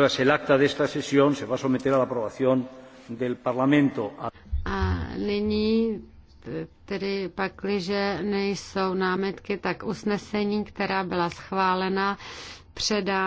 el acta de esta sesión se va a someter a la aprobación del Parlamento. A nyní tedy pakliže nejsou námitky, tak usnesení, která byla schválena, předám